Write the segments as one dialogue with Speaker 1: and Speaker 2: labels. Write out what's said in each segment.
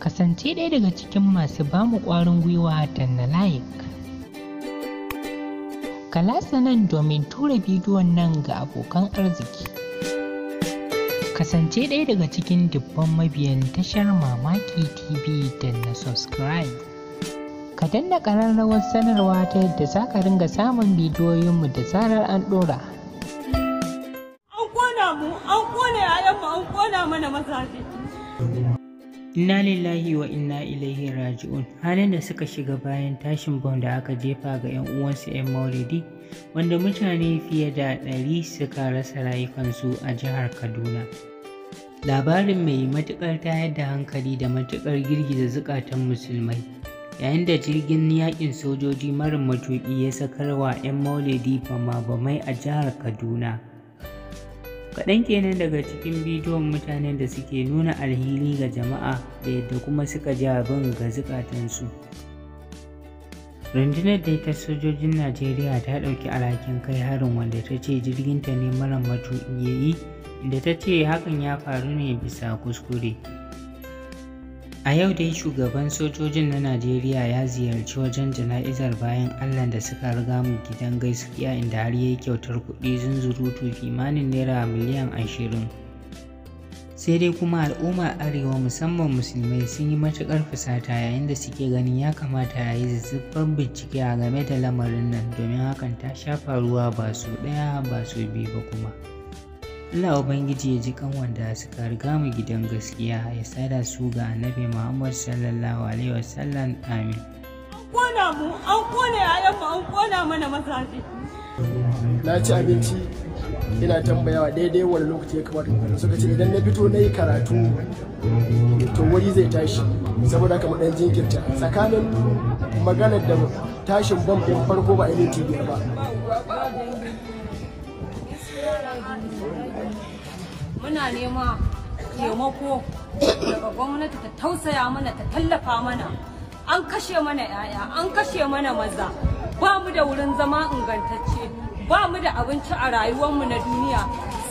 Speaker 1: kasance ɗaya daga cikin masu ba mu ƙwarin gwiwa da na like. Kalasa nan domin tura bidiyon nan ga abokan arziki. Kasance ɗaya daga cikin dubban mabiyan tashar Mamaki TV da na subscribe. Ka danna ƙararrawar sanarwa ta yadda za ka ringa samun bidiyoyinmu da zarar an ɗora.
Speaker 2: An kona mu, an kona 'ya'yanmu, an kona mana
Speaker 1: inna lillahi wa inna ilaihi raji'un halin da suka shiga bayan tashin bom da aka jefa ga 'yan uwansu 'yan maulidi wanda mutane fiye da ɗari suka rasa rayukansu a jihar kaduna labarin mai matuƙar tayar da hankali da matuƙar girgiza zukatan musulmai yayin da jirgin yakin sojoji marin matuƙi ya sakarwa 'yan maulidi bama-bamai a jihar kaduna kaɗan kenan daga cikin bidiyon mutanen da suke nuna alhili ga jama'a da yadda kuma suka ji abin ga zukatansu rundunar da ta sojojin najeriya ta ɗauki alhakin kai harin wanda ta ce jirginta ne mara matuƙi yayi inda ta ce hakan ya faru ne bisa kuskure A yau dai shugaban sojojin na Najeriya ya ziyarci wajen jana'izar bayan Allah da suka riga mu gidan gaskiya inda har yayi kyautar kuɗi zunzurutu kimanin naira miliyan ashirin. Sai dai kuma al'ummar Arewa musamman musulmai sun yi matuƙar fusata yayin da suke ganin ya kamata ya yi bincike a game da lamarin nan domin hakan ta shafa ruwa ba su ɗaya ba su biyu ba kuma. Allah Ubangiji ya ji kan wanda suka riga mu gidan gaskiya ya sada su ga Annabi Muhammad sallallahu alaihi wasallam amin.
Speaker 2: An mu, an kona yayanmu, an kona mana mazaje.
Speaker 3: Na ci abinci ina tambayawa daidai wani lokaci ya kamata suka ce idan na fito na yi karatu to wuri zai tashi saboda kamar dan jinkirta tsakanin maganar da tashin bam ɗin farko ba a yi minti biyar ba.
Speaker 2: muna nema taimako daga gwamnati ta tausaya mana ta tallafa mana an kashe mana 'ya'ya an kashe mana maza ba mu da wurin zama ingantacce ba mu da abinci a rayuwar mu na duniya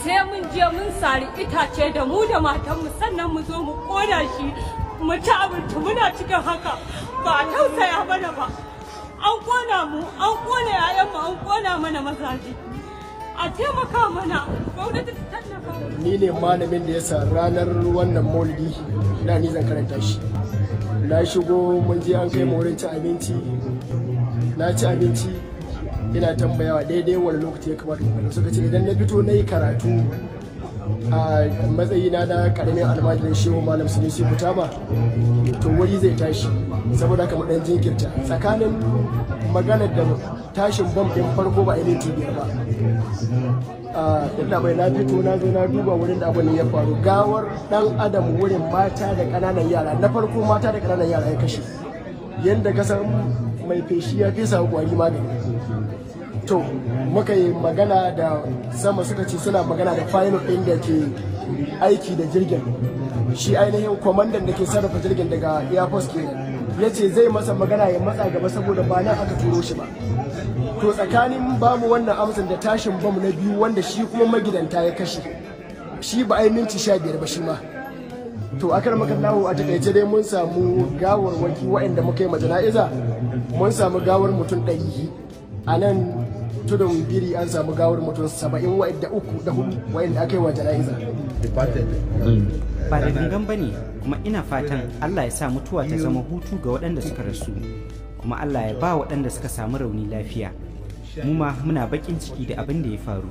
Speaker 2: sai mun je mun sari itace da mu da matanmu sannan mu zo mu koda shi mu ci abinci muna cikin haka ba tausaya mana ba an kona mu an kona 'ya'yanmu an kona mana mazaje a taimaka mana
Speaker 3: ni ne malamin da ya sa ranar wannan maulidi da ni zan karanta shi na shigo mun je an kai wurin ci abinci na ci abinci ina tambayawa daidai wani lokaci ya kamata kuma suka ce idan na fito na yi karatu a matsayina na karamin almajirin shehu malam sunusi kutama to wuri zai tashi saboda kamar dan jinkirta tsakanin maganar da tashin bam ɗin farko ba minti biyar
Speaker 2: ba
Speaker 3: a bai na fito na zo na duba wurin da abin ya faru gawar dan adam wurin mata da ƙananan yara na farko mata da kananan yara ya kashe yadda kasan mai feshi ya fesa kwari magani to muka yi magana da sama suka ce suna magana da final ɗin da ke aiki da jirgin shi ainihin kwamandan da ke sarrafa jirgin daga air force ke ya ce zai masa magana ya matsa gaba saboda ba nan aka turo shi ba to tsakanin bamu wannan amsan da tashin bom na biyu wanda shi kuma magidanta ya kashe shi ba ai minti sha biyar ba shi ma to kan maka nawo a takaice dai mun samu gawar waki waɗanda muka yi majana'iza mun samu gawar mutum ɗari a nan tudun biri an samu gawar mutum saba'in da uku da hudu da aka yi wa jana'iza.
Speaker 1: Ba da gangan ba ne kuma ina fatan Allah ya sa mutuwa ta zama hutu ga waɗanda suka rasu kuma Allah ya ba waɗanda
Speaker 2: suka samu rauni lafiya. Mu ma muna baƙin ciki da abin da ya faru.